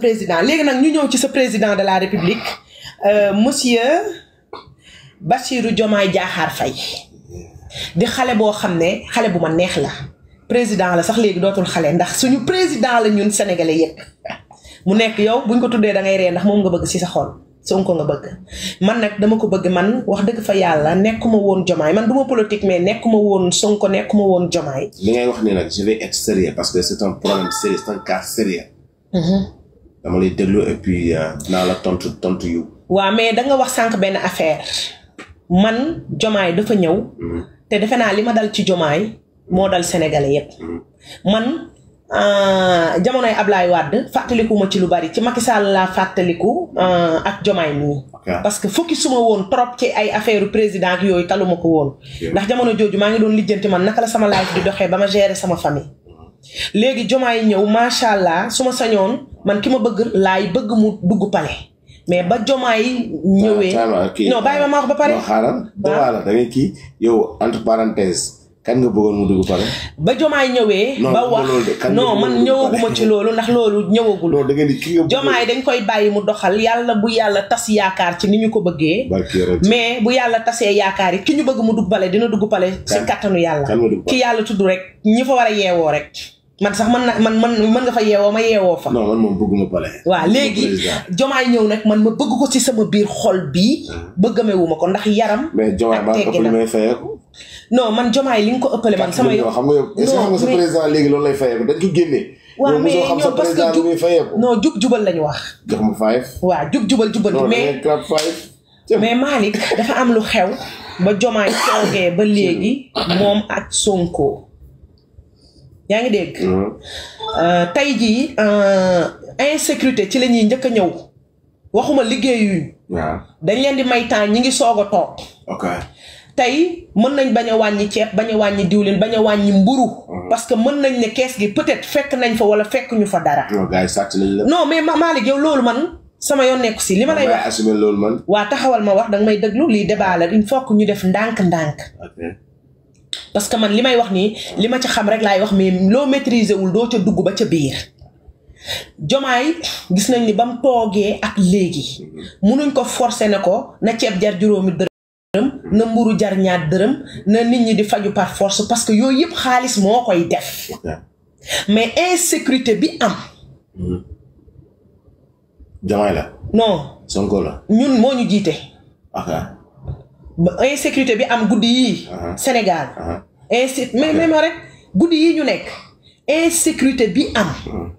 président léegi nag ñu ñëw ci sa président de la république euh, monsieur Bassirou Diomaye Diakhar fay di xale boo xam ne xale bu ma neex la président la sax léegi dootul xale ndax suñu président la ñun sénégalais yëpp mu nekk yow buñ ko tuddee dangay ngay ree ndax moom nga bëgg ci sa xol Sonko nga bëgg man nag dama ko bëgg man wax dëgg fa yàlla nekkuma woon Diomaye man du ma politique mais nekkuma woon Sonko nekkuma woon Diomaye. li ngay wax nii nag je vais être sérieux parce que c'est un problème sérieux c'est un cas sérieux. Mm-hmm. dama lay déglu et puis euh, naa la tontu tontu yu. waa mais danga wax sànq benn affaire man jomaay dafa ñëw. Mm-hmm. te defe naa li ma dal ci jomaay moo dal sénégalais yépp mm-hmm. man euh, jamonoy Ablaye Wade fàttaliku ma ci lu bari ci Macky Sall laa fàttaliku euh, ak jomaay nii. parce que fukki suma woon trop ci ay affaire président ak yooyu taluma ko woon. ndax jamono jooju maa ngi doon lijjanti man naka la sama life di doxee ba ma sama famille. léegi jomaay ñëw macha allah su sañoon man ki ma bëgg laay bëgg mu dugg palais mais ba jomaay ñëwee non bàyyi ma ma wax ba pare. non xaaral da ngay kii yow entre parenthèse kan nga bëggoon mu dugg pare. ba jomaay ñëwee. ba wax non man ñëwaguma ci loolu ndax loolu ñëwagul. da ngeen di ki nga jomaay dañ koy bàyyi mu doxal yàlla bu yàlla tas yaakaar ci ni ñu ko bëggee. mais bu yàlla tasee yaakaar yi ki ñu bëgg mu dugg pale dina dugg pale. si kattanu yàlla. ki yàlla tudd rek ñi fa war a yeewoo rek. man sax man na man man mën nga fa yeewoo ma yeewoo fa. non man moom bëgguma palais. waaw léegi jomaay ñëw nag man ma bëgg ko ci sama biir xol bii. Mm. ba gëmewuma ko ndax yaram. mais jomaay maa ëpp li may fayeeku. man jomaay li nga ko ëppale man. sama yow xam nga nga sa président loolu lay fayeeku dañ ko génnee. waaw mais ñoom parce que jub non jub jubal lañu wax. jox ma five. waaw jub jubal jubal. mais mais Malick dafa am lu xew. ba jomaay toogee ba léegi moom ak Sonko. yaa ngi dégg. Mm-hmm. Euh, tey jii euh, insécurité ci la ñuy njëkk a ñëw waxuma liggéeyuñ. dañ leen di may temps ñi ngi soog a toog. ok tey mën nañ bañ wàññi ceeb bañ a wàññi diwlin bañ a wàññi mburu. Mm-hmm. parce que mën nañ ne kees gi peut-être fekk nañ fa wala fekk ñu fa dara. non gars yi sàcc nañ la. non mais loolu man. sama yoon nekku si li ma lay wax waa taxawal ma wax danga may déglu lii débat la il faut que ñu def ndànk-ndànk. parce que man li may wax nii li ma ca xam rek laay wax mais loo maîtriser wul doo ca dugg ba ca biir jomaay gis nañ ni ba mu toogee ak léegi mënuñ ko forcer ne ko na ceeb jar juróomi dërëm na mburu jar ñaar dërëm na nit ñi di faju par force parce que yooyu yëpp xaalis moo koy def mais insécurité bi am jomaay la non Sonko la ñun moo ñu jiite insécurité bi am guddi yi Sénégal. insi mais mais rek guddi yi ñu nekk insécurité bi am. Hmm.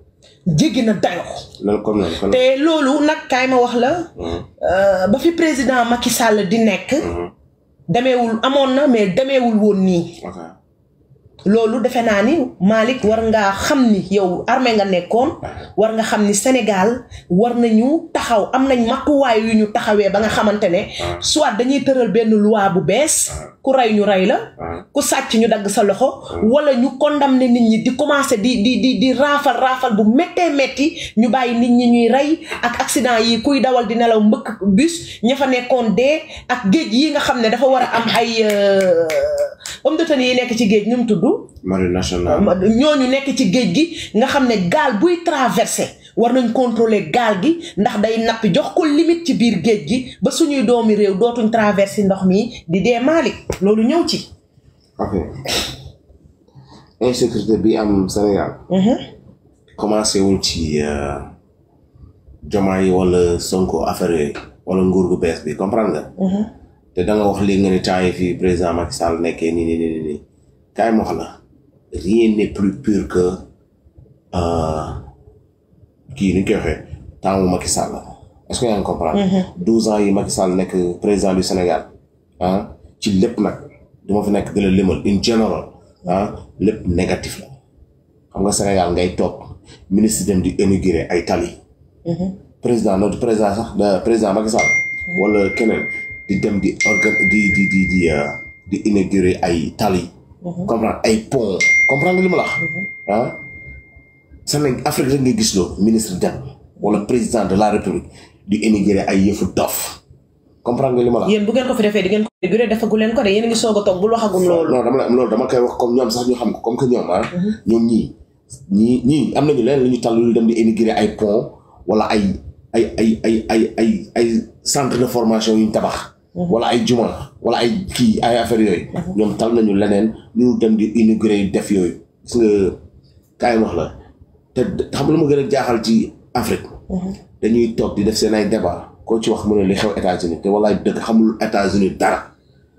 jéggi na dayoo. loolu te loolu nag kaay ma wax la. Hmm. Euh, ba fi président Macky Sall di nekk. Hmm. demeewul amoon na mais demeewul woon nii. loolu defe naa ni Malick war ngaa xam ni yow armee nga nekkoon war nga xam ni Sénégal war nañu taxaw am nañ matuwaay yu ñu taxawee ba nga xamante ne soit dañuy tëral benn loi bu bees ku rey ñu rey la ku sàcc ñu dagg sa loxo wala ñu kon condamné nit ñi di commencé di di di di raafal raafal bu méttee métti ñu bàyyi nit ñi ñuy rey ak accident yi kuy dawal di nelaw mbëkk bus ña fa nekkoon dee ak géej yi nga xam ne dafa war a am ay euh, homme de tenue yi nekk ci géej ñu mu marine nationale ñooñu nekk ci géej gi nga xam ne gaal buy traversé war nañ contrôler gaal gi ndax day nappi jox ko limite ci biir géej gi ba suñuy doomi réew dootuñ traversé ndox mi di dee Mali loolu ñëw ci. ok insécurité bi am Sénégal. Mhm. commencé wul ci euh, Diomaye wala Sonko affaire yooyu wala nguur gu bees bi comprendre nga. Mhm. te da wax léegi nga ne temps yi fii président Macky nekkee nii nii nii nii. kaay ma wax la rien n'est plus pur que euh, kii nu ñu koy waxee temps mu Macky Sall que yaa ngi comprendre. Mm-hmm. ans yi Macky Sall nekk président du Sénégal ah ci lépp nag du ma fi nekk di la limal in general ah, lépp négatif la xam nga Sénégal ngay toog ministre dem di inauguré ay tali. président notre président sax président Macky Sall. Mm-hmm. wala keneen di dem di organ di di di di euh, di inauguré ay tali. Mhm. comprendre ay pont comprendre li ma la wax. Mhm. ah Sénégal Afrique rek ngay gis loolu ministre dem wala président de la république di émigré ay yëfu dof comprendre nga li ma la. bu ngeen ko fi defee di ngeen ko fi durée defagu leen ko de yéen a ngi soog a toog bul waxagum loolu. dama la loolu wax comme ñoom sax ñu xam ko comme que ñoom ah. mhm. ñii ñii ñii am nañu leen lu ñu tàll lu dem di émigré ay pont wala ay ay ay ay ay ay ay centre de formation yu ñu tabax. Mhm. wala ay juma wala ay kii ay affaire yooyu. Mhm. ñoom tal nañu leneen ñu dem di inauguré def yooyu. gis nga kaay wax la te xam lu ma gën a jaaxal ci Afrique. Mhm. dañuy toog di def seen ay débat koo ci wax mu ne li xew États-Unis te walaay dëkk xamul États-Unis dara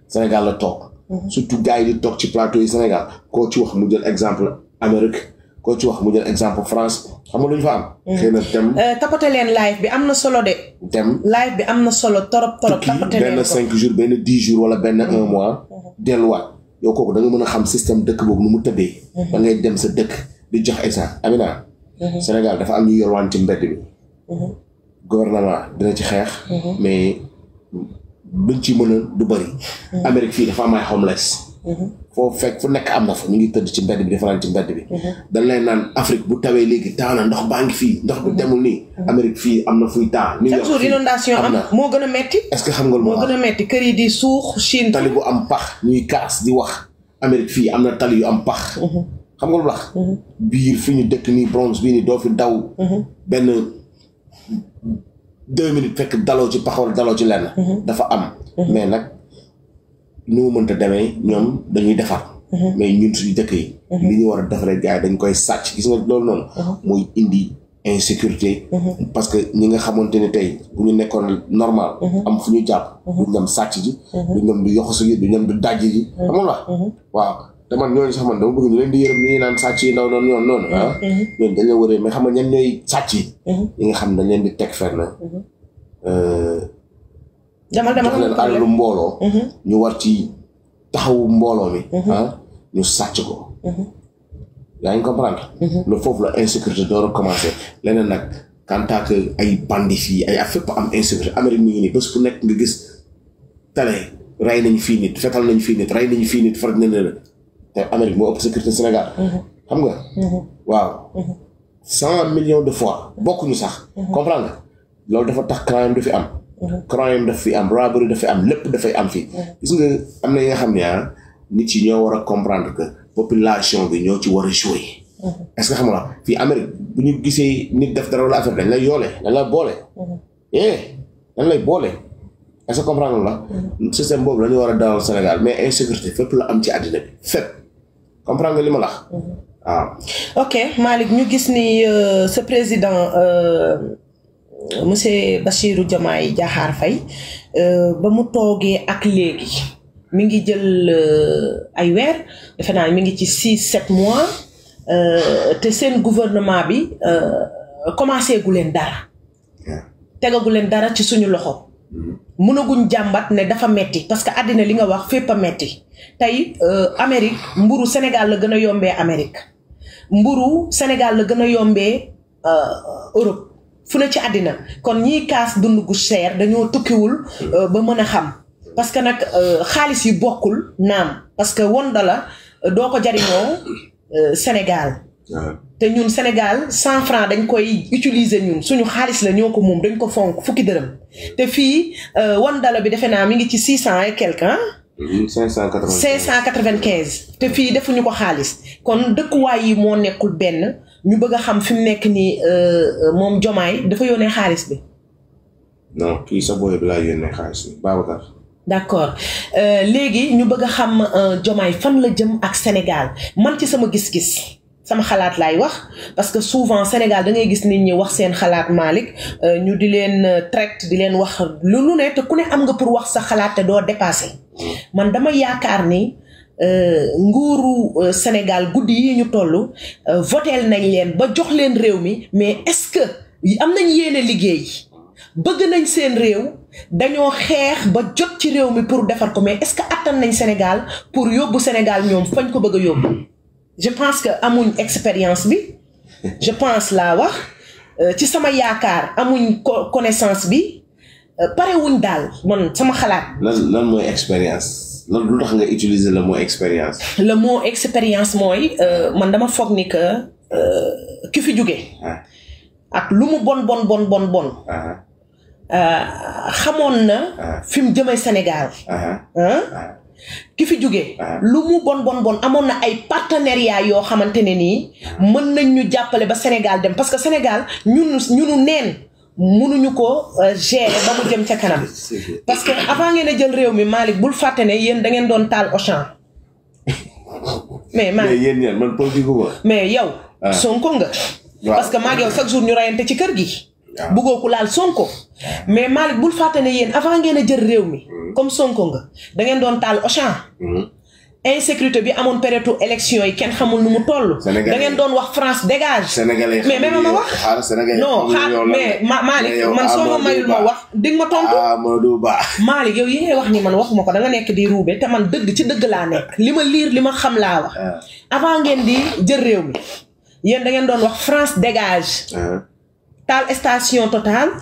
Sénégal la toog. surtout gars yi di toog ci plateau yi Sénégal koo ci wax mu jël exemple Amérique. koo ci wax mu jël exemple France xam nga lu ñu fa am. Mm. xëy na thème. Euh, tapote leen live bi am na solo de. thème live bi am na solo torop torop. tapote leen ko benn cinq jours benn dix jours wala benn un mm-hmm. mois. Mm-hmm. delluwaat yow kooku da mën a xam système dëkk boobu nu mu tëddee. Mm-hmm. da dem sa dëkk di jox exemple Amina. Sénégal dafa am ñu yorwaan ci mbedd bi. gouvernement dina ci xeex. mais luñ ci mën a du bëri. amerique fii dafa am ay homeless. Mm-hmm. foo fekk fu nekk am na fa ñu ngi tëdd ci mbedd bi defaraan ci mbedd bi mm-hmm. dañ lay naan Afrique bu tawee léegi taa na ndox baa ngi fii ndox bi mm-hmm. demul nii Amérique fii am na fuy taa New York chaque moo gën a metti que xam nga lu moo gën a metti kër yi di suux Chine tali bu am pax ñuy kaas di wax Amérique fii am na tali yu am pax xam nga lu wax biir fi ñu dëkk nii bronze bii nii doo fi daw benn deux minutes fekk daloo ci pax wala daloo ci lenn dafa am mais nag ni mu mënta demee ñoom dañuy defar. Mhm. mais ñun suñu dëkk yi. Mhm. li ñu war a defaree gars yi dañ koy sàcc gis nga loolu noonu. Mhm. mooy indi insécurité. parce que ñi nga xamante ne tey bu ñu nekkoon normal. am fu ñu jàpp. duñ dem sàcc ji. duñ dem du yoxosu ji duñ dem du dajj ji. amul la waaw te man ñooñu sax man dama bëgg ñu leen di yërëm ñu naan sàcc yi ndaw noonu ñoom noonu ah. ñooñu dañ la wëree xam nga ñan ñooy sàcc yi. ñi nga xam ne leen di teg fenn. Euh, demal demal leen alalu mbooloo. Mhm. ñu war ci taxawu mbooloo mi. Mhm. ah ñu sàcc ko. Mhm. yaa ngi la insécurité door a commencé leneen nag quant à ay bandits ay fépp am insécurité Amérique nekk nga gis tale rey nañu fii nit fetal nañu fii nit rey nañu fii nit farat nañu la te Amérique moo ëpp sécurité Sénégal. xam nga. waaw. cent million de fois bokkuñu sax. comprendre loolu dafa tax crime du fi am. crime daf fi am robbery dafay am lépp dafay am fii gis nga am na yi nga xam ne ah nit yi ñoo war a comprendre que population bi ñoo ci war a jouer est-ce que xam nga fii bu ñu gisee nit def dara wala affaire dañ lay yoole dañ lay boole eh dañ lay boole est comprendre la système boobu la war a dalal Sénégal mais insécurité fépp la am ci àddina bi fépp comprendre nga li la waaw ah. ok Malick ñu gis ni sa euh, président euh, monsieur Bassirou Diomaye Diakhar Faye euh, ba mu toogee ak léegi mi ngi jël euh, ay weer defe naa mi ngi ci six sept mois euh, te seen gouvernement bi commencé gu leen dara tegagu leen dara ci suñu loxo mm-hmm. mënaguñ jàmbat ne dafa metti parce que àddina li nga wax fépp metti tey amerique mburu Sénégal la gën a yombee Amérique mburu Sénégal la gën a yombee Europe fu ne ci àddina kon ñiy kaas dund gu cher dañoo tukkiwul euh, ba mën a xam parce que nag euh, xaalis yi bokkul naam parce que won dala euh, doo ko jariñoo Sénégal ah. te ñun Sénégal cent franc dañ koy utiliser ñun suñu xaalis la ñoo ko moom dañ ko fonk fukki dërëm te fii won dala bi defe naa mi ngi ci six cent et quelque mm-hmm. cinq cent quatre vingt te fii defuñu ko xaalis kon dëkkuwaay yi moo nekkul benn ñu bëgg xam fi mu nekk nii euh, euh, moom Jomaay dafa yoone xaalis bi. donc kii sa booy bi laa yónnee xaalis bi Babacar. d'accord euh, léegi ñu bëgg a xam Jomaay fan la jëm ak Sénégal man ci sama gis-gis sama xalaat laay wax parce que souvent Sénégal da ngay gis nit ñi wax seen xalaat Malick ñu di leen traite di leen wax lu lu ne te ku ne am nga pour wax sa xalaat te doo dépassé mm. man dama yaakaar ni. Euh, nguuru euh, Sénégal guddi yi ñu toll euh, votel nañ leen ba jox leen réew mi mais est-ce que am nañ yéene liggéey bëgg nañ seen réew dañoo xeex ba jot ci réew mi pour defar ko mais est-ce que attan nañ Sénégal pour yóbbu Sénégal ñoom fañ ko bëgg a yóbbu je pense que amuñ expérience bi je pense laa wax ci sama yaakaar amuñ connaissance bi parewuñ daal man sama xalaat. lan lan mooy expérience. lan lu tax nga utiliser la mot expérience. la moo expérience mooy euh, man dama foog ni que euh, ki fi juge ah. ak lu mu bon bon bon bon bon. Ah. Euh, xamoon na. Ah. fi mu jëmee Sénégal. ki fi juge lu mu bon bon bon amoon na ay partenariat yoo xamante ne nii. mën nañ ñu jàppale ba Sénégal dem parce que Sénégal ñun ñunu neen. mënuñu ko euh, gérer ba mu jëm ca kanam. parce que avant ngeen a jël réew mi Malick bul fàtte ne yéen da ngeen doon taal Auchan. mais Malick mais yéen man politique ko mais yow. Ah. Sonko nga. parce que maa ngi chaque jour ñu rayante ci kër gi. waaw ah. bëggoo laal Sonko. Ah. mais Malick bul fàtte ne yéen avant ngeen a jël réew mi. Hmm. comme Sonko nga da ngeen doon taal Auchan. Hmm. insécurité bi amoon période élection yi kenn xamul nu mu toll. da ngeen doon wax France dégage. sénégalais mais même ma wax. xaar sénégalais non xaar mais Malick man soo ma mayul ma wax. dégg ma tontu Amadou Ba. Malick yi ngay wax ni man waxuma ko da nekk di ruube te man dëgg ci dëgg laa nekk. li ma liir li ma xam laa wax. Ah. avant ngeen di jël réew mi yéen da ngeen doon wax France dégage. Ah. taal estation Total.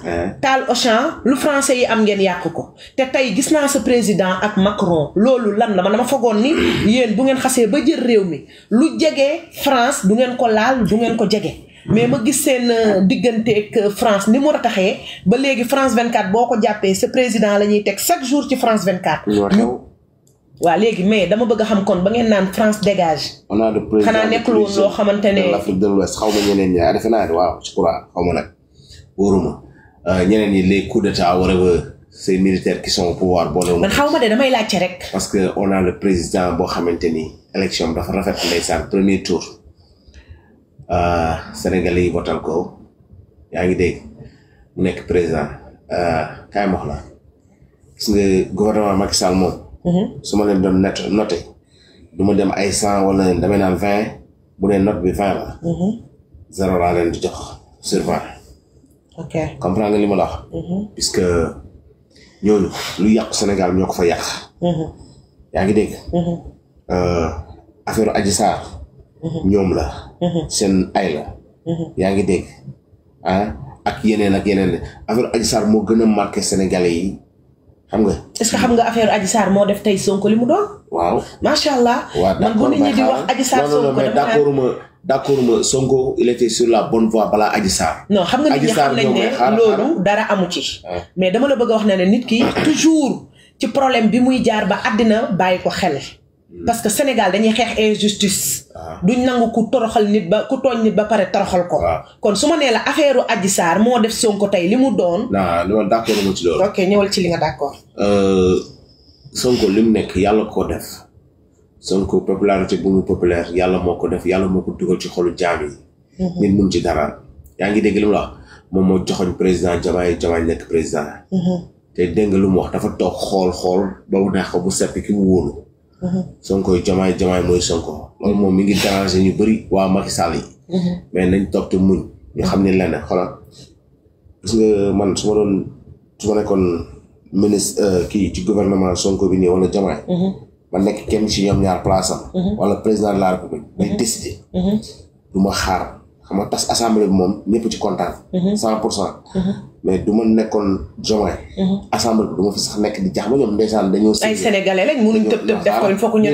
taal Auchan lu francais yi am ngeen yàq ko. te tey gis naa sa président ak Macron loolu lan la man dama fagoon ni yéen bu ngeen xasee ba jël réew mi lu jege France du ngeen ko laal du ngeen ko jege. mais ma gis seen euh, digganteeg euh, France ni mu rataxee ba léegi France 24 boo ko jàppee sa président la ñuy teg chaque jour ci France 24. waaw léegi mais dama bëgg xam kon ba ngeen naan France dégage. on a le président xanaa nekkul woon loo xamante xaw ma ñeneen ñaar defe naa ne waaw je crois wóoruma euh, ñeneen ñi les coups d'état wala ces militaires qui sont au pouvoir boole. man xaw ma de damay laajte rek. parce que on a le président boo xamante ni élection dafa rafet euh, ngi dégg nekk président euh, kaay ma wax la gouvernement Macky Sall moom. Mhm. su ma leen doon net noté du dem ay cent wala damay naan vingt bu ne note bi vingt la. Mhm. zéro laa di jox sur ok comprendre nga li ma la wax. Mm-hmm. puisque ñooñu lu yàqu Sénégal ñoo ko fa yàq. Mm-hmm. yaa ngi dégg. Mm-hmm. Euh, affaire Adji ñoom la. seen ay la. yaa ngi dégg ah ak yeneen ak yeneen affaire Adji Sarr moo gën a marqué Sénégalais yi xam nga. est xam nga affaire Adji moo def tey Sonko li mu doon. waaw macha allah. waaw man bu nit ñi di wax Adji Sarr Sonko d'accord ma Sonko il était sur la bonne voie balaa Adji Sarr. xam nga nit ñi xam dara amu ci. Ah. mais dama la bëgg wax ne ne nit ki toujours ci problème bi muy jaar ba àddina bàyyi ko xel. Hmm. parce que Sénégal dañuy xeex injustice. Ah. duñ nangu ku toroxal nit ba ku tooñ nit ba pare toroxal ko. Ah. kon su ma nee la affaire u moo def Sonko tey li mu doon. waaw loolu d'accord ma ci loolu. ok ñëwal ci li nga d'accord. Euh, Sonko li mu nekk yàlla ko def. Sonko popularité bu mu populaire yàlla moo ko def yàlla moo ko dugal ci xolu jaam yi. Mm-hmm. nit mun ci dara yaa ngi dégg li mu wax moom moo joxoñ président Diomaye Diomaye nekk président. Mm-hmm. te dégg lu mu wax dafa toog xool xool ba mu neex ko bu seppi ki mu wóolu. Mm-hmm. Sonko Diomaye Diomaye mooy Sonko. loolu moom mi ngi déranger ñu bëri waa Macky yi. mais nañ toog te muñ ñu xam ne lenn xoolal gis man su ma doon su nekkoon ministre euh, kii ci gouvernement Sonko bi nii wala Diomaye. ma nekk kenn ci ñoom ñaar place am. Mhm. wala président de la république. day mhm. décider. Mhm. du xaar xam nga tas assemblée bi moom ñëpp ci kontaan. cent pour cent. du nekkoon Diomaye. assemblée bi du ma fi sax nekk di jax ba ñoom ndeysaan dañoo. ay sénégalais lañ mënuñ tëb tëb def ko il faut ñi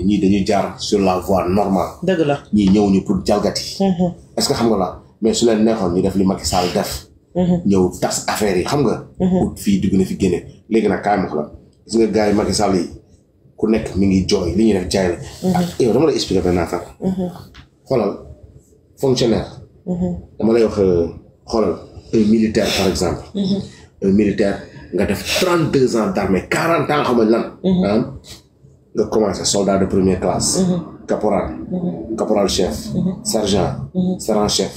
ñii dañuy jaar sur la voie normale. dëgg la ñii ñëw ñu pour jalgati. est ce que xam nga la mais su leen neexoon ñu def li Macky Sall def. ñëw mm-hmm. tas affaire yi xam nga. Mm-hmm. ut fii dugg na fi génne léegi nag kaay ma ko nga gars yi Macky yi ku nekk mi ngi jooy li ñuy def jaay la. Mm-hmm. ak dama lay expliquer benn affaire. xoolal fonctionnaire. dama lay wax euh, xoolal militaire par exemple. militaire nga def trente deux ans d'armée quarante ans xam lan. Ah? nga commencé soldat de première classe. caporal. caporal chef. sergent. sergent chef.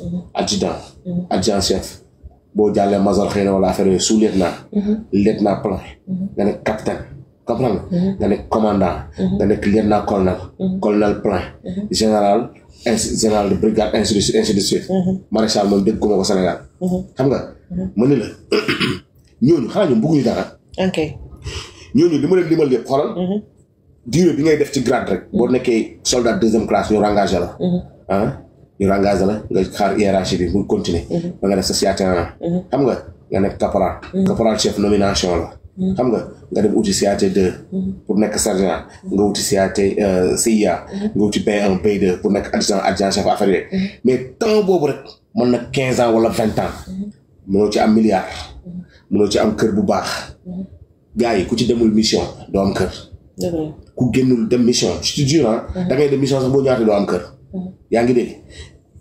Mm-hmm. adjudant mm-hmm. adjudant chef boo jàllee major xëy na wala affaire yooyu sous mm-hmm. lieutenant lieutenant plan nga nekk capitaine comprendre nga nekk commandant nga nekk lieutenant colonel colonel plan général général brigade ainsi de suite ainsi de moom dégg ko ma ko Sénégal xam nga ma ne la ñooñu xanaa ñu bëgguñu dara li ma leen xoolal durée bi ngay def ci grade rek boo nekkee soldat deuxième classe ñu rengagé la ah? ñu engagé la nga xaar hiérarchie bi mu continuer mhm. ba nga def sa siaterna mhm. xam nga nga nekk caporal mhm. caporal chef nomination la xam nga nga dem uti CAT 2 pour nekk sergent nga wuti CAT euh, CIA nga wuti B1 B2 pour nekk adjudant adjudant chef affaire mais temps boobu rek mën na quinze ans wala vingt ans mënoo ci am milliard ci am kër bu baax gars yi ku ci demul mission doo am kër ku génnul dem mission je te dem mission sax boo ñaatee doo am kër yaa ngi dégg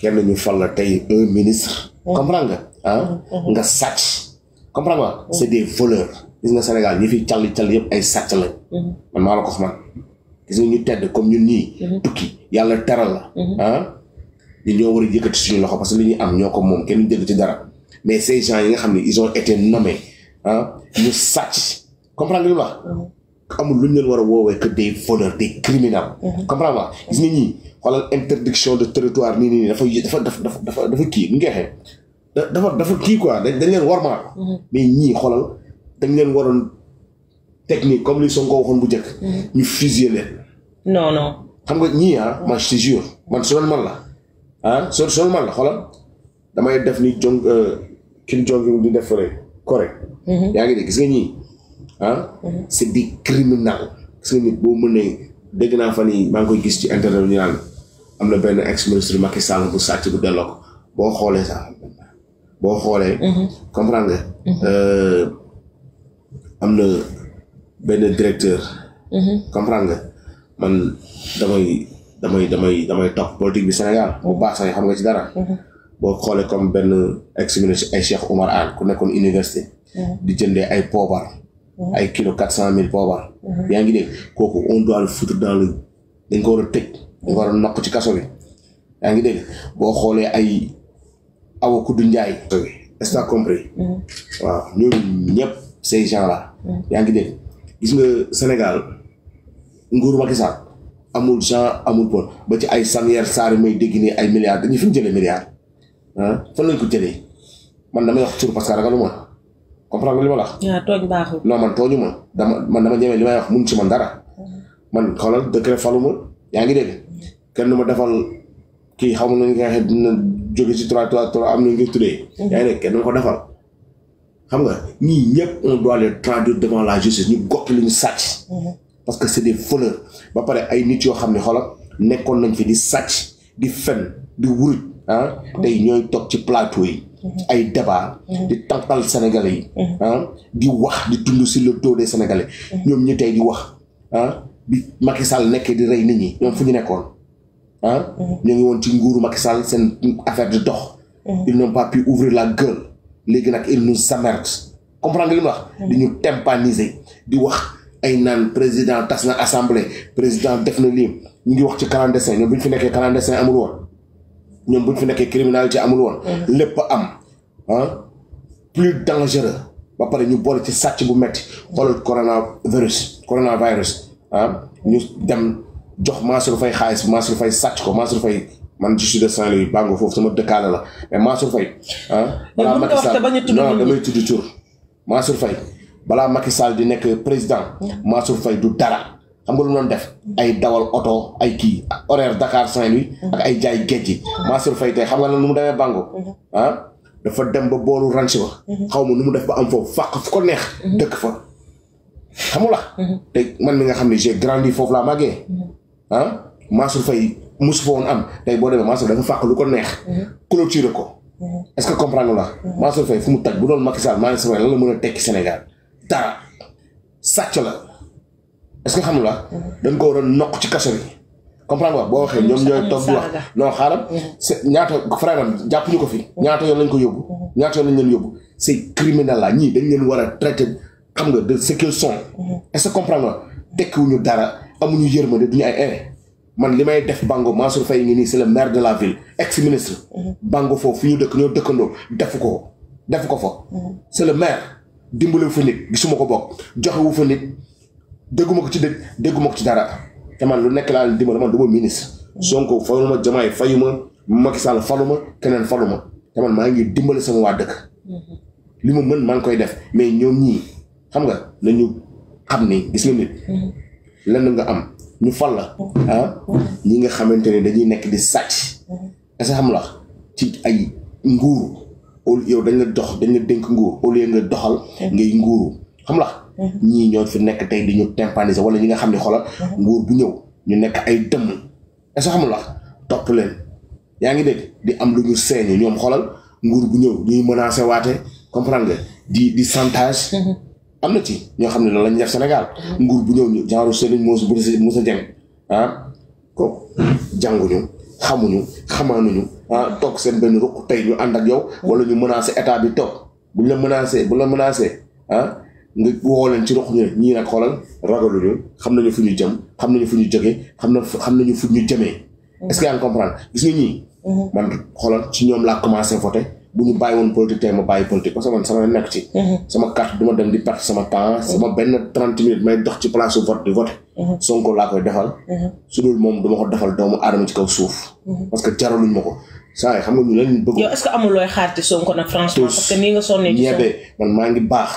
kenn ñu fal la tey un ministre. comprendre nga ah. nga sàcc. comprendre nga. c' des voleurs. gis nga Sénégal ñi fi càll càll yëpp ay sàcc lañ. Mm-hmm. man maa la ko wax man. gis ñu tedd comme ñu nii mm-hmm. tukki yàlla teral la. Mm-hmm. ah ñu ñoo war a yëkkati suñu loxo parce que li ñu am ñoo ko moom kenn dégg ci dara. mais ces gens yi nga xam ne ils ont été nommés ah ñu sàcc. comprendre nga li amul lu ñu leen war a woowee des voleurs des criminels. comprendre nga gis nga xoolal interdiction de territoire nii nii dafa dafa dafa dafa dafa kii nu dafa dafa kii quoi dañ dañ leen warmaal mhm. mais ñii xoolal dañ leen waroon technique comme li Sonko waxoon bu njëkk mhm. ñu fusiller leen non non xam nga ñii ah man je te jure man su man la ah su doon man damay def ni jong euh, kin jong di def rek Corée mhm. yaa ngi dégg gis nga ñii ah c'est des criminels gis nga nit boo mënee dégg naa fa yi maa ngi koy gis ci internet ñu naan am na benn ex ministre Macky Sall bu sàcc bu delloo ko boo xoolee sax boo xoolee. Mhm. comprendre mhm. euh, mhm. damay damay damay damay topp politique bi Sénégal bu baax sax xam nga ci dara. boo xoolee comme benn ex ministre ay Cheikh Oumar Anne ku nekkoon université. di jëndee ay poobar. ay kilo quatre cent mille poobar. yaa ngi dégg kooku on doit le foutre dañ ko war a tëj. dañu war nokk ci kaso bi yaa ngi dégg boo xoolee ay awa kuddu njaay est-ce que compris mm-hmm. waaw ñooñu ñëpp ces gens là mm-hmm. yaa ngi dégg gis nga Sénégal nguuru Macky Sall amul gens amul bon ba ci ay Samuel Sarr may dégg nii ay milliards dañuy fi mu jëlee milliards ah fan lañ ko jëlee man damay wax tur parce que ragaluma comprendre nga li ma la tooñ baaxul. non man tooñu ma dama man dama ñeme li wax mun ci man dara mm-hmm. man xoolal décret faluma yaa ngi dégg. kenn du ma defal kii xamu nañu nga xam dina jóge ci 3 3 3 am na ñu tuddee. Mhm. yaa ngi kenn du ma ko defal. xam nga ñii ñëpp on doit les traduire devant la justice ñu gopp li sàcc. Mhm. parce que c' est des voleurs ba pare ay nit yoo xam ne xoolal nekkoon nañ fi di sàcc di fen di wuruj ah mhm. tey ñooy toog ci plateau yi. ay débat di tànqal sénégalais yi. Ah, di wax di dund si le dos des sénégalais. ñoom ñu tey di wax ah bi nekkee di rey nit ñi ñoom fu ñu nekkoon. ah. Mm-hmm. ñu ngi woon ci nguuru Macky Sall seen affaire di dox. Mm-hmm. ils n'ont pas pu ouvrir la gueule. léegi nag ils nous amèrent. comprendre nga li mu wax. Mm-hmm. di ñu wax ay naan président tas na assemblée président def na lii ñu ngi wax ci clandestin ñoom bu ñu fi nekkee clandestin amul woon. ñoom bu ñu fi nekkee criminalité amul woon. lépp am ah plus dangereux. ba pare ñu boole ci sàcc bu metti xoolal coronavirus coronavirus ah ñu dem. jox Mansour Faye xaalis Mansour Faye sàcc ko Mansour Faye man je suis de Saint-Louis Bango foofu sama dëkkaale la mais Mansour Faye. ah balaa Macky Sall non damay tudd di nekk président Mansour Faye du dara xam nga lu doon ay dawal oto ay kii horaire Dakar Saint-Louis. ak ay jaay géej gi. Mansour Faye tey xam nga mu demee Bango. Mm-hmm. ah dafa dem ba boolu ranch ba. Mm-hmm. xaw ma nu mu def ba am foofu fàq fu ko neex. Mm-hmm. dëkk fa xamula te man mi nga xam ne j'ai grandi foofu laa màggee. ah Mansour Faye musu fa woon am tey boo demee Mansour dafa fàq lu ko neex. Mhm. clôturer ko. Mhm. est-ce que comprendre la. Mhm. Mansour Faye fu mu taj bu doon Macky Sall Mansour Faye lan la mën a tekki Sénégal dara sàcc la est-ce que xam la. dañ ko war a noq ci kaso bi. comprendre nga boo waxee ñoom ñooy toog di wax non xaaral. c'est ñaata frère jàpp ñu ko fi. ñaata yoon lañ ko yóbbu. ñaata yoon lañ leen yóbbu c'est criminel la ñii dañ leen war a traiter xam nga de ce qu'ils sont. que comprendre tekkiwuñu dara amuñu yërmande duñu ay erreur man li may def Bango Mansour Faye ngi nii c'est le maire de la ville ex ministre. Mm-hmm. Bango foofu fi ñu dëkk ñoo dëkkandoo defu ko defu ko fa. Mm-hmm. c'est le maire dimbalewu fa nit gisuma ko bokk joxewu fa nit dégguma ko ci dëj dégguma ko ci dara te man lu nekk laa leen dimbale man du ma ministre. Mm-hmm. Sonko fayuma Diomaye fayuma Macky Sall faluma keneen faluma te man maa ngi dimbale sama waa dëkk. li ma mën maa ngi koy def mais ñoom xam ni gis nga nit mm-hmm. lenn nga am ñu fal la mm-hmm. ah mm-hmm. ñi nga xamante ne dañuy nekk di sàcc est-ce xam la ci ay nguur yow dañ la dox dañ la dénk nguur au lieu nga doxal ngay nguuru xam la ñii ñoo fi nekk tey di ñu tympaniser wala ñi nga xam ne xoolal nguur bu ñëw ñu nekk ay dëmm est xam la topp leen yaa ngi dégg di am lu ñu seeñi ñoom xoolal nguur bu ñëw ñuy menacer waate comprendre nga di di chantage am na ci ñoo xam ne la lañ def Sénégal. nguur bu ñëw ñu genre seen Moussa Moussa Dieng ah ko jànguñu xamuñu xamaanuñu ah toog seen benn rukk tey ñu ànd ak yow. wala ñu menacé état bi toog buñ la menacé bu la menacé ah nga woo leen ci rukk ñu ne ñii nag xoolal ragaluñu xam nañu fu ñu jëm xam nañu fu ñu jógee xam na xam nañu fu ñu jëmee. est-ce que yaa gis nga ñii. Mhm. man xoolal ci ñoom laa commencé voter. bu ñu bàyyi woon politique tey ma bàyyi politique parce man sama nekk ci. Mhm. sama carte du dem di perte sama temps mhm. sama benn trente minutes may dox ci place vote di vote. Mhm. Sonko laa koy defal. su dul moom duma ko defal doomu aadama ci kaw suuf. parce que jaraluñ ma ko saa yi xam nga ñu leen bëgg. yow est amul looy xaar ci Sonko nag franchement. parce que nii nga sonnee ci ñebe man maa ngi baax.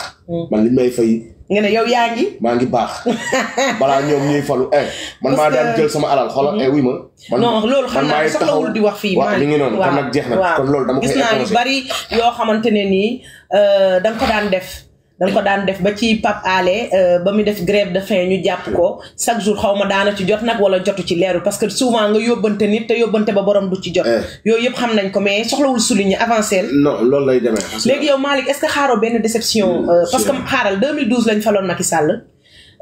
man li may fay. nga ne yow yaa ngi. maa ngi baax balaa ñoom ñuy falu eh man maa daan jël sama alal xoolal eh wuy mm-hmm. ma. man lool xam naa soxlawul di wax fii. waaw mi ngi noonu kon nag jeex na kon loolu dama koy. gis naa bari yoo xamante ne nii euh, da nga ko daan def. dañ ko daan def ba ci Pape Alé euh, ba mu def grève de faim ñu jàpp ko chaque jour xaw ma daana ci jot nag wala jotu ci leeru parce que souvent nga yóbbante nit te yóbbante ba borom du ci jot. Eh. yooyu yëpp xam nañ ko mais soxlawul souligner avancé non loolu lay demee. léegi yow Malick est-ce que xaaroo benn déception. Euh, parce que xaaral 2012 lañ faloon Macky Sall.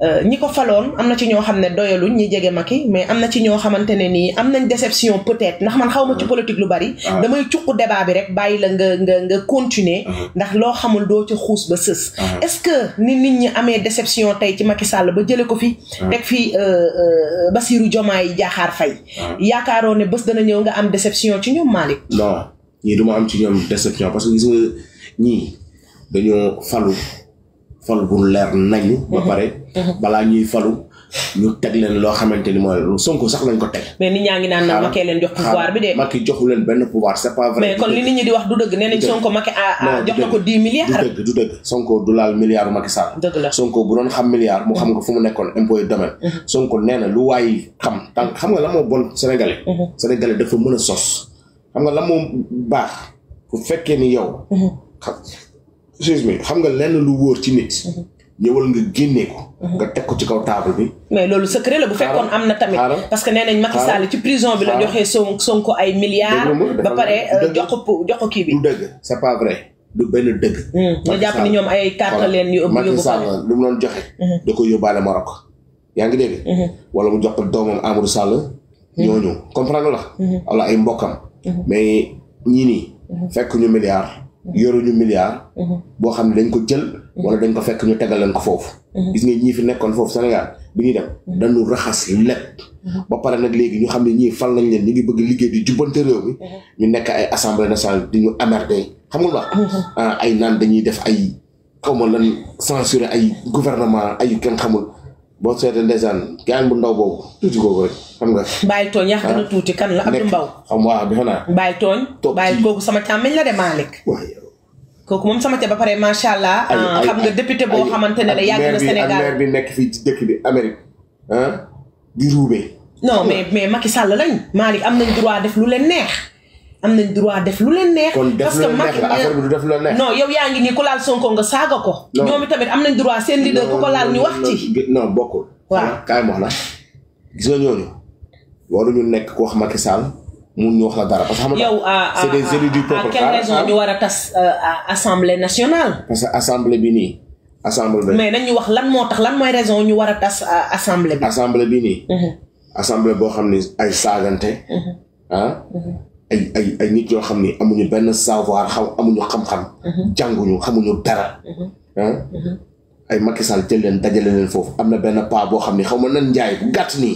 Euh, ñi ko faloon am na ci ñoo xam ne doyaluñ ñi jege Macky mais am na ci ñoo xamante ne nii am nañ déception peut-être ndax man xaw ma ci politique lu bari. Ah. damay cuq débat bi rek bàyyi la nga nga nga continuer. Ah. ndax loo xamul doo ci xuus ba sës. Ah. est-ce que ni nit ñi amee déception tey ci Macky Sall ba jëlee ko fi. teg fi euh, euh, Bassirou Diomaye Diakhar Faye. yaakaaroo ne bés dana ñëw nga am déception ci ñoom Malick. ñii du am ci ñoom déception parce que gis nga ñii dañoo falu falu bu leer nañu. ba mhm. pare. Uh-huh. balaa ñuy falu ñu teg leen loo xamante ni mooy Sonko sax lañ ko teg. mais nit ñaa ngi naan nag Macky leen jox pouvoir bi de. Macky joxu leen benn pouvoir c'est pas vrai. mais kon li nit ñi di wax du dëgg nee nañ Sonko Macky jox na ko dix milliards. du dëgg Sonko du laal milliard Macky Sall. la Sonko bu doon xam milliard mu mm-hmm. xam nga fu mu nekkoon impôt et mm-hmm. bon sénégalais. Mm-hmm. sénégalais dafa mën a sos. xam nga la baax bu fekkee ni yow. xam nga lenn lu wóor ci nit. ñëwal nga génne ko. Mhm. nga teg ko ci kaw table bi. mais loolu secret la bu fekkoon am na tamit. parce que nee nañ Macky Sall ci prison bi la joxee son Sonko ay milliards. ba pare euh, jox ko jox ko kii bi. du dëgg c'est pas vrai du benn dëgg. Hmm. nga jàpp ni ñoom ay carte leen yu ëpp Macky Sall hmm. yaa ngi dégg. Hmm. wala mu jox doomam Amadou Sall. ñooñu comprendre la. wala ay mbokkam. mais ñii fekk ñu milliards. yoruñu milliard. Mhm. boo xam ne dañ ko jël. Mhm. wala dañ ko fekk ñu tegal leen ko foofu. Mhm. gis nga ñii fi nekkoon foofu Sénégal bi ñu dem dañu raxas lépp. ba pare nag léegi ñu xam ne ñii fal nañ leen ñu ngi bëgg liggéey di jubbante réew mi. ñu nekk ay assemblée nationale di ñu amerde xam nga ah ay naan dañuy def ay xaw ma lan censurer ay gouvernement ay kenn xamul. boo seetee ndeysaan gaan bu ndaw boobu. tuuti kooku rek xam nga. bàyyi tooñ yaa xam ah, ne tuuti kan la Abdou Mbaw. xam waaw defe naa. bàyyi tooñ. toog bàyyi kooku sama càmmiñ la de Malick. kooku moom sama te ba pare macha allah. Ah, xam nga député boo xamante ne la yàgg na Sénégal bi nekk fii ci dëkk bi Amérique. ah di ruubee. non mais mais Macky sàll lañ. Malick am nañ droit def lu leen neex. am nañ droit def lu leen neex. parce que Macky non yow yaa ngi nii ku laal Sonko nga saaga ko. ñoom tamit am nañ droit seen leader ku ko laal ñu wax ci. non bokkul. waaw kaay gis nga ñooñu waruñu nekk ku wax Macky Sall mun ñu wax la dara parce que xam nga. yow ah, ah. war a tas euh, assemblée nationale. parce que assemblée bi nii. assemblée mais nañ ñu wax lan moo tax lan mooy raison ñu war a tas assemblée bi. assemblée bi nii. Mhm. assemblée boo xam ni ay saagante. Mhm. ah. Mhm. ay ay ay nit yoo xam ni amuñu benn savoir xam amuñu xam-xam. Mhm. jànguñu xamuñu dara. Mhm. Ah? Mhm. ay Macky Sall jël leen dajale leen foofu am na benn paa boo xam ni xaw ma nan njaay bu gàtt nii.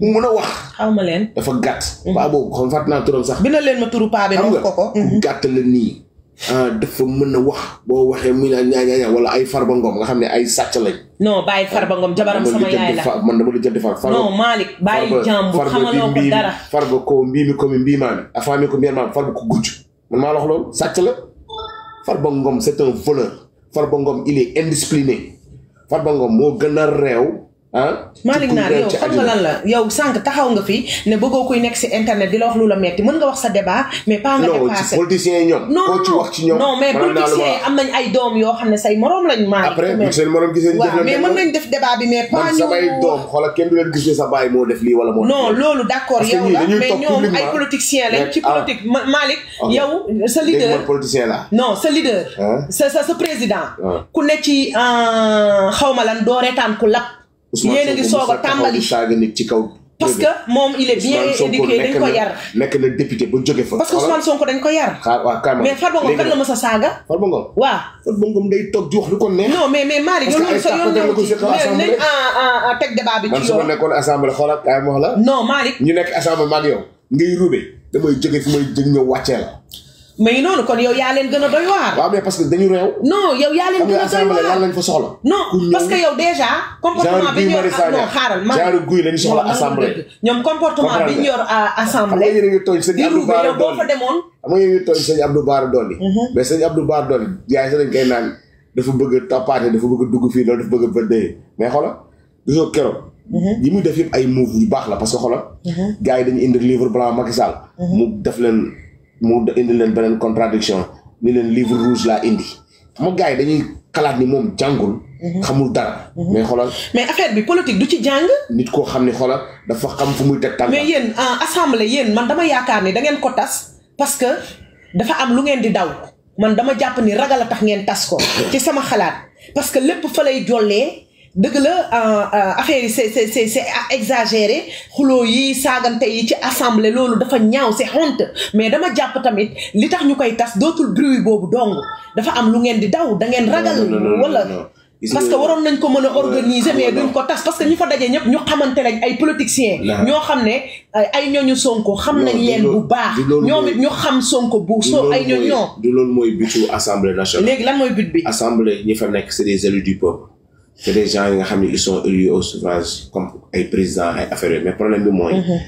mu mun a wax. xaw ma leen dafa gàtt. paa boobu xam fàtt naa turam sax. bindal leen ma turu paa bi. ko ko gàtt nii. Euh, dafa mën na wax boo waxee muy naan ñaañaañaa wala ay Farba Ngom nga xam ne ay sàcc lañ. non bàyyi Farba Ngom jabaram sama yaay la man dama la jënd fa Farba non Malick bàyyi jàmbur ko dara Farba ko mi ko mi mbii maami afaa ko mbiirmaami Farba ko gucc man maa la wax loolu sàcc la Farba Ngom c'est un voleur Farba Ngom il est indiscipliné Farba Ngom moo gën a réew ah Malick Naar yow xam nga lan la yow sànq taxaw nga fi ne bëggoo kuy nekk si internet di la wax lu la metti mën nga wax sa débat mais pas nga dépassé politiciens yi ñoom koo ci wax mais politiciens yi am def débat bi mais pas ñu samay def lii wala moo non loolu d'accord la mais ñoom ay politiciens lañ ci ah. politique Malick yow euh, sa leader politicien la non sa leader sa sa président ah. ku ne ci euh, xawma lan doo retaan ku lap yéen a ngi soog a tàmbali ci kaw. parce que moom il est bien éduqué dañ ko yar. nekk na député ba jóge fa. parce que Ousmane Sonko dañ ko yar. mais Farba Ngom kan la a saaga. Farba Ngom di wax lu ko neex. non mais mais Malick loolu sa yoon nañ ah, ah, ah, teg débat bi ci yoon. ma nekkoon assemblée xoolal kaay ma wax la. non Malick. ñu nekk assemblée maag yow ngay rubé damay jóge fi may jëm ñëw wàccee la mais noonu kon yow yaa leen gën a doy waar. waaw mais parce que dañu réew. non yow yaa leen gën a doy waar lan lañ fa soxla. non parce que yow déjà. comportement a tooñ sëñ Abdou Bara Dolly boo a tooñ sëñ Abdou Bara Dolly. mais sëñ Abdou Bara Dolly yaay sax dañ koy naan bëgg dugg fii loolu dafa bëgg a bëddee mais xoola gisoo keroog. Mhm. yi muy def yëpp ay move yu baax la parce que xoola. Mhm. yi dañu indi livre blanc Macky Sall mhm. mu def leen mu indi leen beneen contradiction ni leen livre rouge laa indi xam nga yi dañuy xalaat ni moom jàngul. Mhm. xamul dara. Mhm. mais xoolal. mais affaire bi politique du ci jàng. nit koo xam ni xoolal dafa xam fu muy teg tànk. mais yéen assemble yéen man dama yaakaar ni dangeen ko tas parce que dafa am lu ngeen di daw man dama jàpp ni ragal a tax ngeen tas ko. ci sama xalaat parce que lépp fa lay jollee. dëgg la euh, euh, affaire yi c'est c'est c'est c'est exagéré xuloo yi saagante yi ci assemblée loolu dafa ñaaw c'est honte mais dama jàpp tamit li tax ñu koy tas dootul bruit boobu dong dafa am lu ngeen di daw da ngeen ragal wala parce que waroon nañ ko mën a organiser mais duñ ko tas parce que ñu fa daje ñëpp ñu xamante lañ ay politiciens. ñoo xam ne ay ñooñu sonko xam nañ leen bu baax. ñoom it ñu xam sonko bu soo ay ñooñu. du loolu mooy bitu assemblée nationale. léegi lan mooy bit bi. assemblée ñi fa nekk c'est des élus du c'est des gens yi nga xam ne soo sont élus comme ay président ay affaire yooyu mais problème bi mooy. Mhm.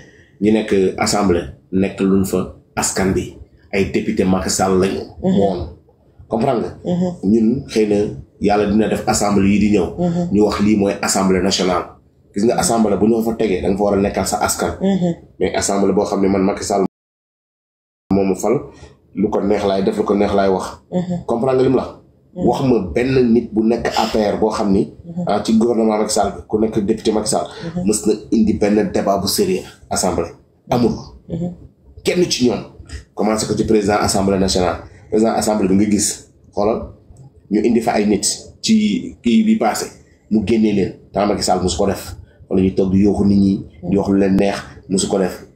ñu nekk assemblée nekk luñ fa askan bi ay député Macky Sall lañu. moom mhm. comprendre nga. Mhm. ñun xëy na yàlla dina def assemblée yi di ñëw. ñu wax lii mooy assemblée nationale. gis nga assemblée bu ñu fa tegee da nga fa war a nekkal sa askan. mais assemblée boo xam ne man Macky Sall moomu fal lu ko neex laay def lu ko neex laay wax. comprendre nga lim la. wax ma benn nit bu nekk APR boo xam ni. Mhm. Ah, ci gouvernement Macky Sall bi ku nekk député Macky Sall. Mhm. mës na indi benn débat bu sérieux assemblée amul. Mhm. kenn ci ñoom commencé ko ci président assemblée nationale président assemblée bi nga gis xoolal ñu indi fa ay nit ci kii bi passé mu génnee leen temps Macky Sall mosu def wala ñu toog di yooxu nit ñi. di wax lu leen neex mosu ko def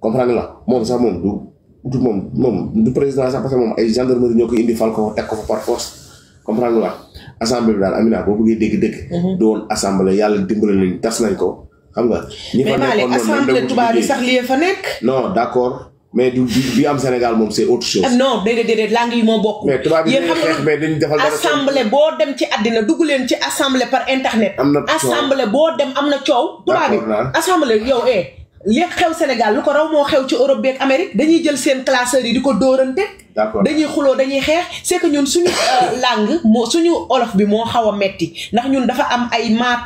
comprendre la moom sax moom du du moom moom du président sax parce que moom ay gendarmerie ñoo ko indi fal ko teg ko force. comprendre nga wax assemblée bi daal Amina boo bëggee dégg-dégg. du woon mhm. assemblée yàlla dimbali nañ tas nañ ko xam nga. ñi fa nekkoon assemblée tubaab yi sax li nekk. non d' accord mais du bi am Sénégal moom c' est autre chose. Ah non déedéet déedéet langue yi moo bokk. mais tubaab yi dañuy xeex mais dañuy defal assemblée boo dem ci àddina dugg leen ci assemblée par internet. am na coow assemblée boo dem am na yow eh. li xew Sénégal lu ko raw moo xew ci Europe beeg Amérique dañuy jël seen classeurs yi di ko dóorante. d'accord dañuy xuloo dañuy xeex c'est que ñun suñu euh, langue moo suñu olof bi moo xaw a metti ndax ñun dafa am ay maa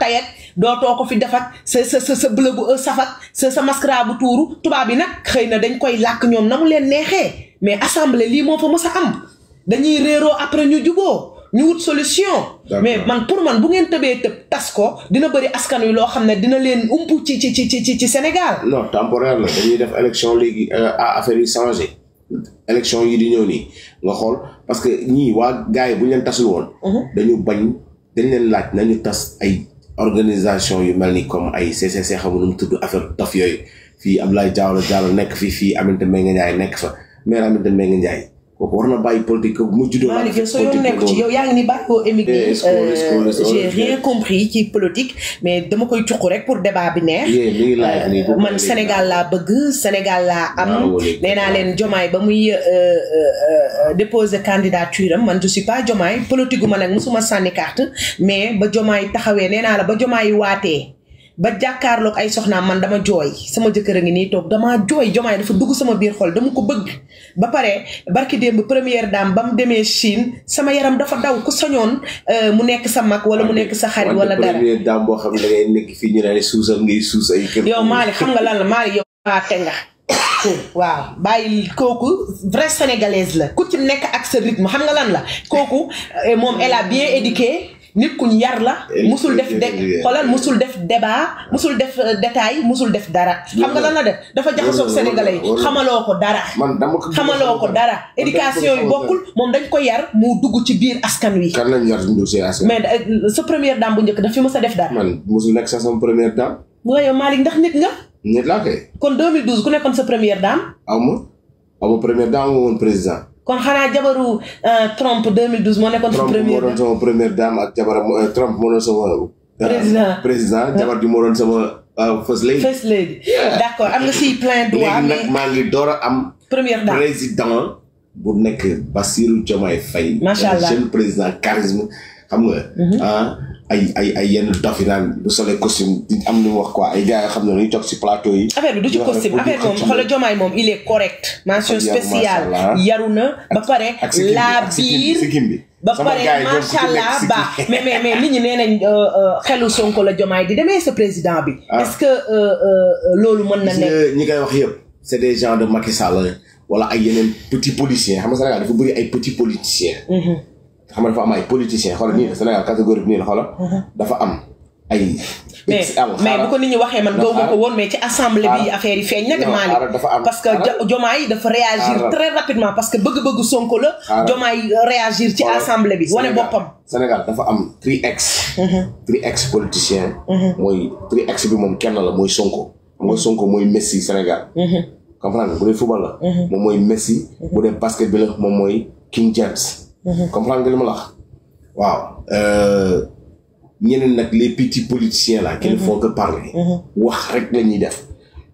doo dootoo ko fi defak sa sa sa sa bleu bu e safak sa sa mascara bu tuuru tubaab yi nag xëy na dañ koy làkk ñoom na mu leen neexee mais assemblée lii moo fa mës a am dañuy réeroo après ñu juboo ñu wut solution. mais man pour man bu ngeen tëbee tëb tas ko dina bëri askan wi loo xam ne dina leen ump ci ci ci ci ci Sénégal. non temporaire la dañuy def élection léegi euh, affaire yu changé. élection yi di ñëw nii nga xool parce que ñii waa gars yi bu ñu leen tasul woon. Mhm. dañu bañ dañ leen laaj nañu tas ay organisation yu mel ni comme ay CCC xamu nu mu tudd affaire taf yooyu fii Abdoulaye Diallo Diallo nekk fii fii Aminata Mbengue Ndiaye nekk fa maire Aminata Mbengue Ndiaye. kooku war na bàyyi politique mu juddoo la. politique soo yoon ci yow yaa ngi ni bàyyi ko émigré. j'ai rien compris ci politique. mais dama koy cuq rek pour débat bi neex. Euh, man Sénégal laa bëgg Sénégal laa am. nee naa leen Jomaay ba muy euh, euh, déposer candidature am man je suis pas Jomaay politique gu ma nag musuma sànni carte mais ba Jomaay taxawee nee naa la ba Jomaay waatee. ba jàkkaarloog ay soxnaam man dama jooy sama jëkkër a ngi nii toog dama jooy jomaay dafa dugg sama biir xol dama ko bëgg ba pare barki démb première dame ba mu demee Chine sama yaram dafa daw ku soñoon euh, mu nekk sa mag wala mu nekk sa xarit wala dara première dame boo xam ne da ngay suus ay kër yow Malick nga lan la Malick yow waa waaw bàyyi kooku vraie sénégalaise la ku ci nekk ak sa rythme xam nga lan la kooku euh, moom elle bien éduqué nit kuñ yar la. musul def de xoolal musul def débat musul def euh, détail musul def dara. xam nga lan la def dafa jaxasoog sénégalais yi xamaloo ko dara. man dama ko xamaloo ko dara. éducation yi bokkul moom dañ ko yar mu dugg ci biir askan wi. kan lañ yar mais euh, sa première dame bu njëkk daf fi mës a def dara. man musul nekk sa sama première dame. waaye Malick ndax nit nga. nit laa kay. kon 2012 ku nekkoon sa première dame. aw ma aw ma première dame aw woon président. kon xanaa jabaru euh, Trump 2012 moo nekkoon. sa première dame Trump première dame ak jabaram euh, Trump moo doon soo euh, président président jabar ji moo doon sama. first lady first d'accord am nga si plein droit. léegi maa ngi door a am. première dame président. bu nekk Bassirou Diomaye Faye. macha allah jeune président charisme xam nga. Mhm. Ah, ay ay ay yenn dof yi naan bu solee costume am lu mu wax quoi ay gars yoo xam ne dañuy toog si plateau yi. affaire bi du ci costume affaire moom xoolal jomaay moom il est correct. mention spéciale yaru na ba pare. laa biir ba pare macha allah baax mais mais mais nit ñi nee nañ euh, euh, xelu Sonko la jomaay di demee sa président bi. Ah. est-ce que euh, loolu mën na nekk. ñi koy wax yëpp c'est des gens de Macky Sall wala ay yeneen petits policiers xam nga Sénégal dafa bëri ay petits politiciens. Mm-hmm. xam nga dafa am ay politiciens xoolal nii Sénégal catégorie bi nii la xoolal. dafa am ay. mais mais que Diomaye dafa réagir très rapidement bi. wane boppam Sénégal dafa am tri ex. Mhm. tri ex politicien. Mhm. mooy tri ex bi moom kenn la mooy Sonko. mooy mhm. Sonko mooy Messi Sénégal. comprendre bu dee football la. moom mooy Messi. bu dee basket bi la moom mooy King James. Mhm. comprendre nga li ma la wax waaw euh, ñeneen nag les petits politiciens là qui ne mhm. font que parler mhm. wax rek la ñuy def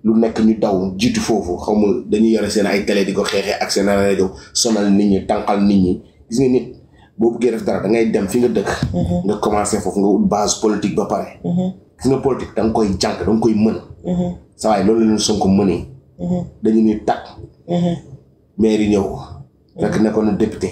lu nekk ñu daw jiit foofu xaw ma dañuy yore seen ay télé di ko xeexee ak seen rajo sonal nit ñi tànqal nit ñi gis nga nit boo bëggee def dara da ngay dem fi nga dëkk nga commencé foofu nga ut base politique ba pare gis nga politique da nga koy jàng da koy mën saa waaye loolu la leen Sonko mënee dañu ni tàkk maire ñëw fekk nekkoon na député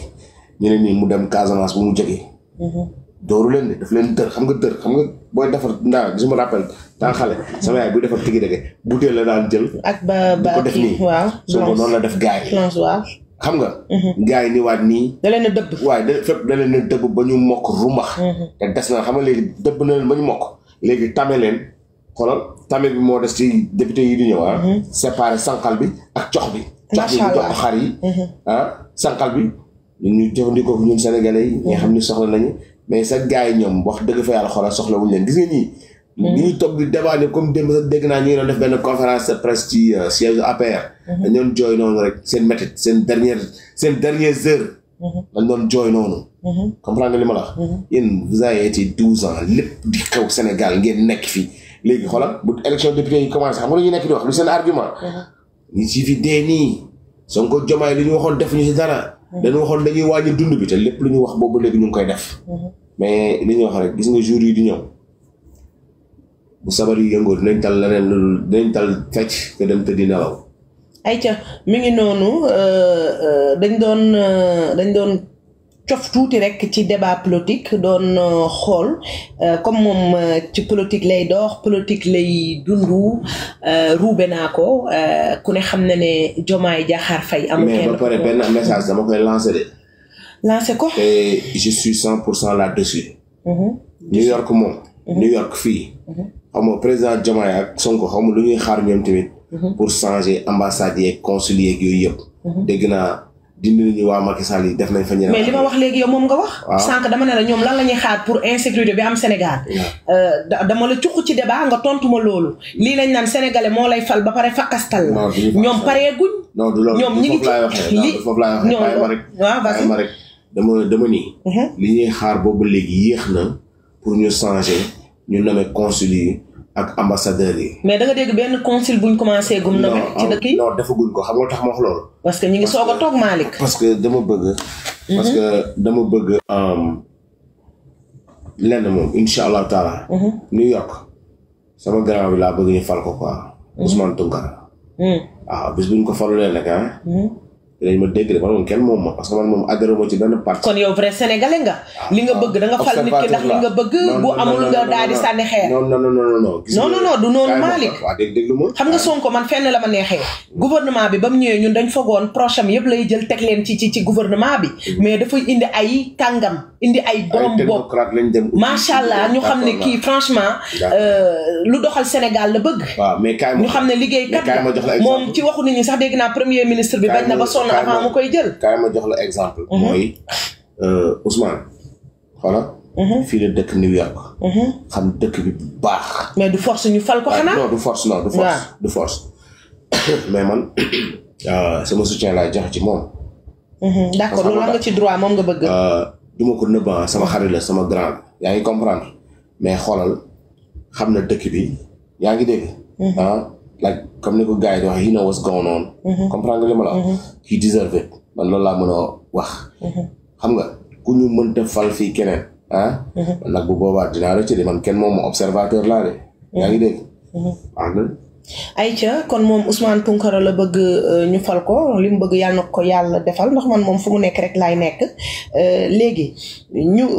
ñeneen ñi mu dem Casamance bu mu jógee. Mhm. dooru leen de daf leen dër xam nga dër xam nga booy defar ndaara je me rappelle tant xale sama yaay buy defar tigi dege butéel la daan jël. ak ba ba ko def nii waaw. soo ko noonu la def gars yi waaw. xam nga. Mhm. gars yi nii nii. da leen a dëbb. waaye da fépp dëbb ba ñu mokk rumbax. Mhm. te des na xam nga léegi dëbb na leen ba ñu mokk. léegi tame leen xoolal tame bi moo des ci député yi di ñëw ah. séparé sànqal bi ak cox bi. macha allah cox bi ñu jox ko xar ñun ñu jëfandikoo ak ñun sénégalais yi. nga xam ne soxla nañu. mais sa gars ñoom wax dëgg fa yàlla soxla wuñu leen hmm. def benn conférence de presse ci euh, siège APR. Hmm. dañu doon jooy noonu rek seen métit seen dernière seen dernières heures. Hmm. dañu doon jooy noonu. comprendre nga li ma la wax. yéen vous avez été douze ans lépp di xew Sénégal ngeen nekk fii léegi xoolal bu élection député yi commencé xam nga lu ñu nekk di wax lu seen ñu waxoon defuñu si dara. dañu waxoon dañuy wàññi dund bi te lépp lu ñu wax boobu léegi ñu ngi koy def. mais li ñuy wax rek gis nga jour yi di ñëw bu sabar yi yëngoo dinañ tal leneen loolu dinañ tal fecc te dem te di nelaw. ayca mi ngi noonu euh, euh, dañ doon euh, dañ doon. cof tuuti rek ci débat politique doon euh, xool euh, comme moom euh, ci politique lay dox politique lay dundu ruube naa ko ku ne xam na ne Diomaye Diakhar Faye. amul kenn mais ba pour cent là-dessus. Mhm. New York moom. Mhm. New York fii. Mhm. xam nga président Diomaye ak Sonko xam lu ñuy xaar ñoom tamit. pour changer ambassade yeeg consulier yooyu yëpp. dégg naa. dindi nañu waa Macky Sall yi def nañ fa ñeneen mais li ma wax léegi yow moom nga wax. waaw sànq dama ne la ñoom la ñuy xaar pour insécurité bi am Sénégal. Euh, dama la cuq ci débat nga tontu ma loolu. lii lañ naan sénégalais moo lay fal ba pare fakkastal la. ñoom ñoom ñi ngi ci li foofu laay waxee bàyyi ma rek. waaw ma rek dama dama nii. Mhm. li ñuy xaar boobu léegi yéex na pour ñu changer ñu nommer consul ak ambassadeurs yi. mais da dégg benn consul buñ commencé gum. nommé ci dëkk yi non defaguñ ko xam nga tax ma wax loolu. parce que ñu ngi soog a que dama bëgg. parce que mhm. dama bëgg. Um, lenn allah taala. Mhm. New York sama grand bi laa bëgg ñu fal ko quoi. Mhm. Ousmane Tounkara. waaw ah, bis buñ ko falulee nag ah. dinañ ma dégg de man moom kenn moom ma parce que man moom adhéré ma ci benn parti. kon yow vrai sénégalais nga. Ah, li nga bëgg da fal nit ki ndax li nga bëgg. bu amul nga daal sànni xeer. non non noonu Malick. xam nga ah. Sonko man fenn la ma neexee. Mm. gouvernement bi ba mu ñëwee ñun dañ fogoon prochain yëpp lay jël teg leen ci ci ci bi. Mm. mais dafay indi ay kàngam. indi ay borom bopp macha allah ñu xam ne kii franchement euh, lu doxal Sénégal la bëgg. ñu xam na mu koy jël. kaay ma jox la exemple. Mhm. mooy euh, Ousmane xanaa. Mhm. fii la dëkk New York. Mhm. xam dëkk bi bu baax. mais du force ñu fal ko ah, xanaa. non du force non du force du force. mais man euh, sama soutien laay jox ci moom. d'accord loolu nga ci droit moom nga bëgg. Euh, du ma ko nëbba ah, sama xarit la sama grand yaa ngi comprendre mais xoolal xam na dëkk bi yaa ngi dégg. Ah, like comme ni ko gars yi di wax he know on. Mm-hmm. comprendre nga li ma la mm-hmm. loolu laa mën a wax. Mm-hmm. xam nga ku ñu mënta fal fii keneen. ah. nag bu boobaa dinaa rëcc de man kenn moom ma observateur laa de. yaa kon moom Ousmane Tounkara la bëgg euh, ñu fal ko li mu bëgg yàlla na ko yàlla defal ndax man moom fu mu nekk rek laay nekk euh, léegi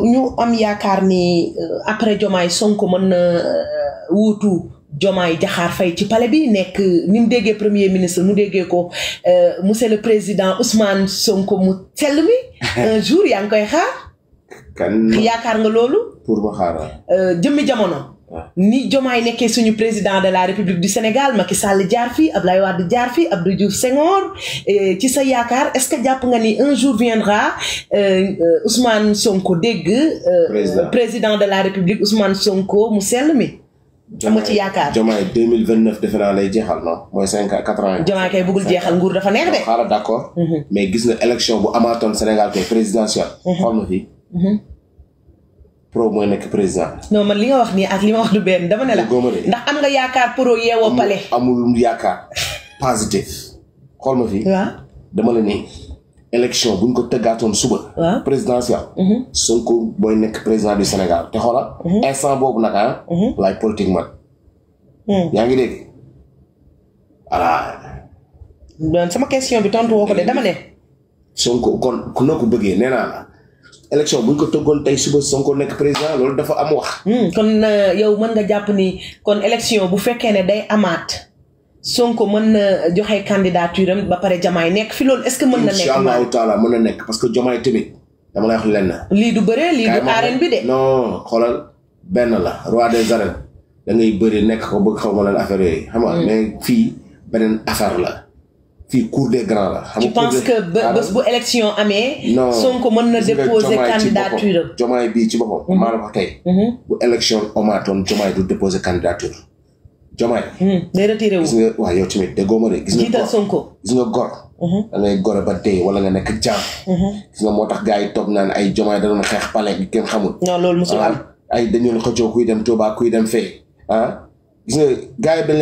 ñu am yaakaar ni euh, après Diomaye Sonko mën na wuutu. Diomaye Diakhar fay ci pale bi nekk ni mu déggee premier ministre mu déggee ko euh, monsieur le président Ousmane Sonko mu sell mi un jour koy xaar yaakaar nga loolu pour ma xaar euh, jamono ah. ni Diomaye nekkee suñu président de la République du Sénégal Macky Sall jaar fii Abdoulaye Wade jaar fii Abdou Diouf Senghor ci sa yaakaar est-ce que jàpp nga ni un jour viendra euh, Ousmane Sonko dégg président de la République Ousmane Sonko mu sell mi amu ci yaakaar Diomaye 2029 defe naa lay jeexal non mooy cinq à quatre ans yi. Diomaye kay bëggul jeexal nguur dafa neex de. xaaral a accord. Mhm. mais gis na élection bu amaatoon Sénégal kay présidentielle. Mhm. xool na fi. Mhm. pro mooy nekk président. non man li nga wax nii at li ma wax du benn dama ne la. ndax am nga yaakaar pro yeewoo pale. amul yaakaar positif. xool ma fi. waaw dama la nii. élection buñ ko tëggaatoon suba. waaw présidentielle. Mhm. Sonko booy nekk président du Sénégal te xoola mhm. instant boobu nag a ah. mhm. laay politique man. Hmm. yaa ngi dégg voilà. sama question bi tontu woo ko de dama ne. Sonko na ko bëggee nee naa la. élection ko tëggoon tey suba Sonko nekk président loolu dafa am wax. Hmm, kon euh, yow man nga jàpp ni kon élection bu fekkee ne day amaat. Sonko mën na joxe candidature am ba pare Jamaay nekk fi loolu est-ce que mën na nekk. incha allahu taala mën na nekk parce que Jamaay tamit dama na wax lenn. lii du bëree lii du arène bi de. noo xoolal benn la roi de arènes da ngay bëri nekk ko bëgg xaw ma lan affaire yooyu. xam nga mais fii beneen affaire la. fii cour des grands la. xam nga que bu élection amee. non Sonko mën na déposer candidature am. Jomaay bii ci boppam. Mhm. maa la ko tey. Mhm. bu élection amaatoon Jomaay du déposer candidature. jomaay. day retiré wu gis nga waaw yow tamit déggoo ma de. gis nga jiital Sonko gis nga gor. Hmm. da ngay gore ba dee wala nga nekk jaam. Hmm. gis nga moo tax gars yi toog naan ay jomaay da doon xeex pale gi kenn xamul. non loolu mosul ah, am ay dañu leen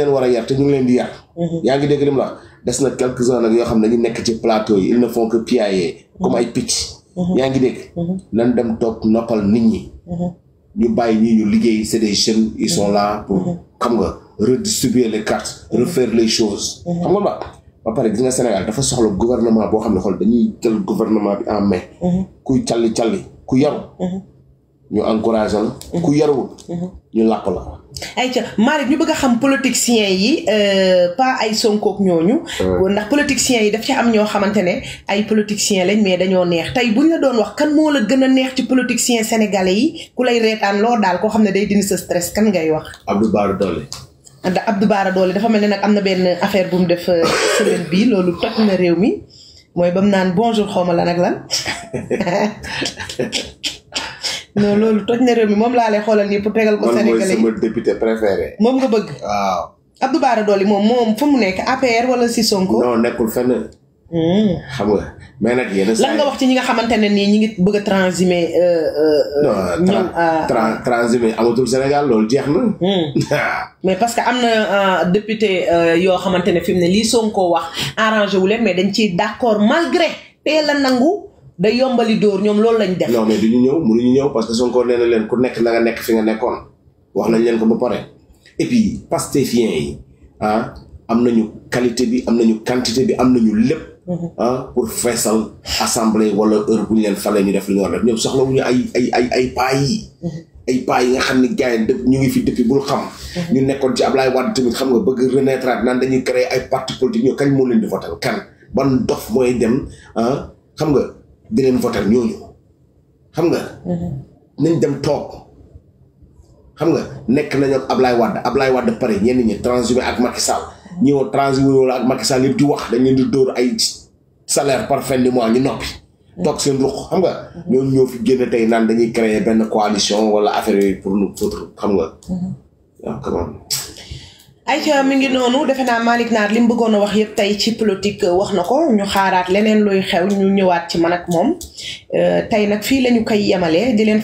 ah, a yar te di yar. Hmm. yaa ngi dégg li mu la des na quelques uns nag yoo xam ne ñu nekk ci plateau yi ils ne font que piailler. comme ay picc. yaa ngi dégg. nan dem toog noppal nit ñi. ñu bàyyi ñii ñu liggéey c'est des jeunes ils sont pour xam nga. redistribuer les cartes refaire les choses mm-hmm. xam nga ba ba pare gis Sénégal dafa soxla gouvernement boo xam ne xool dañuy jël gouvernement bi en main mm-hmm. kuy calli calli ku yaru mm-hmm. ñu encouragé la ku ñu làpp la ayca Malick ñu bëgg a xam politiciens yi euh, pas ay sonkook ñooñu. ndax politiciens yi daf ci am ñoo xamante ne ay politiciens lañ mais dañoo neex tey buñ la doon wax kan moo la gën a neex ci politiciens sénégalais yi ku lay reetaan loo daal koo xam ne day dindi sa stress kan ngay wax. Abdou Bara Dolly. da Abdou Bara Dolly dafa mel ne nag am na benn affaire bu mu def euh, semaine bii loolu toj na réew mi mooy ba mu naan bonjour ma la nag lan non loolu toj na réew mi moom laa lay xoolal nii pour tegal ko Sénégalais moom moom nga bëgg. waaw Abdou Bara Dolly moom moom fu mu nekk APR wala si Sonko. non nekkul fenn. Hmm. xam nga. mais nag yenn saa lan nga wax ci ñi nga xamante ne nii ñi ngi bëgg a transhumer. Euh, euh, euh, ñoom transhumer amatul Sénégal loolu jeex na. Hmm. mais parce que am na député yoo xamante ne fi mu ne lii Sonko wax arrangé wu leen mais dañ ciy d'accord malgré teel a nangu. day yombali dóor ñoom loolu lañ def. non mais ñu ñëw mënuñu ñëw parce que Sonko nee leen ku nekk na nga nekk fi nga nekkoon wax nañ leen ko ba pare et puis pastéfien yi ah am nañu qualité bi am nañu quantité bi am na nañu lépp. ah pour feesal assemblée wala heure bu ñu leen falee ñu def li ñu war a def ñoom soxlawuñu ay ay ay ay paa yi. Mm-hmm. ay paa nga xam ni gars yi ñu ngi fi depuis bul xam. Mm-hmm. ñu nekkoon ci Ablaye Wade tamit xam nga bëgg renaître naan dañuy créer ay parti politique ñoo kañ moo leen di votal kan ban dof ah, nga di leen votal ñooñu xam nga. Mm-hmm. nañ dem toog. xam nga nekk nañu ak Ablaye Wade Ablaye Wade pare ñenn ñi transhumé ak Macky Sall ñëw transhumé wala ak Macky Sall yëpp di wax dañ di dóor ay salaire par fin mois ñu noppi. toog seen ruq xam nga. ñooñu ñoo fi génn tey naan dañuy créer benn coalition wala affaire yooyu pour nous pour xam nga. waaw ah, comment. ayca mi ngi noonu defe naa Malick Naar li mu bëggoon a wax yëpp tey ci politique euh, wax na ko ñu xaaraat leneen luy xew ñu ñëwaat ci man ak moom euh, tey nag fii lañu koy yemalee di leen.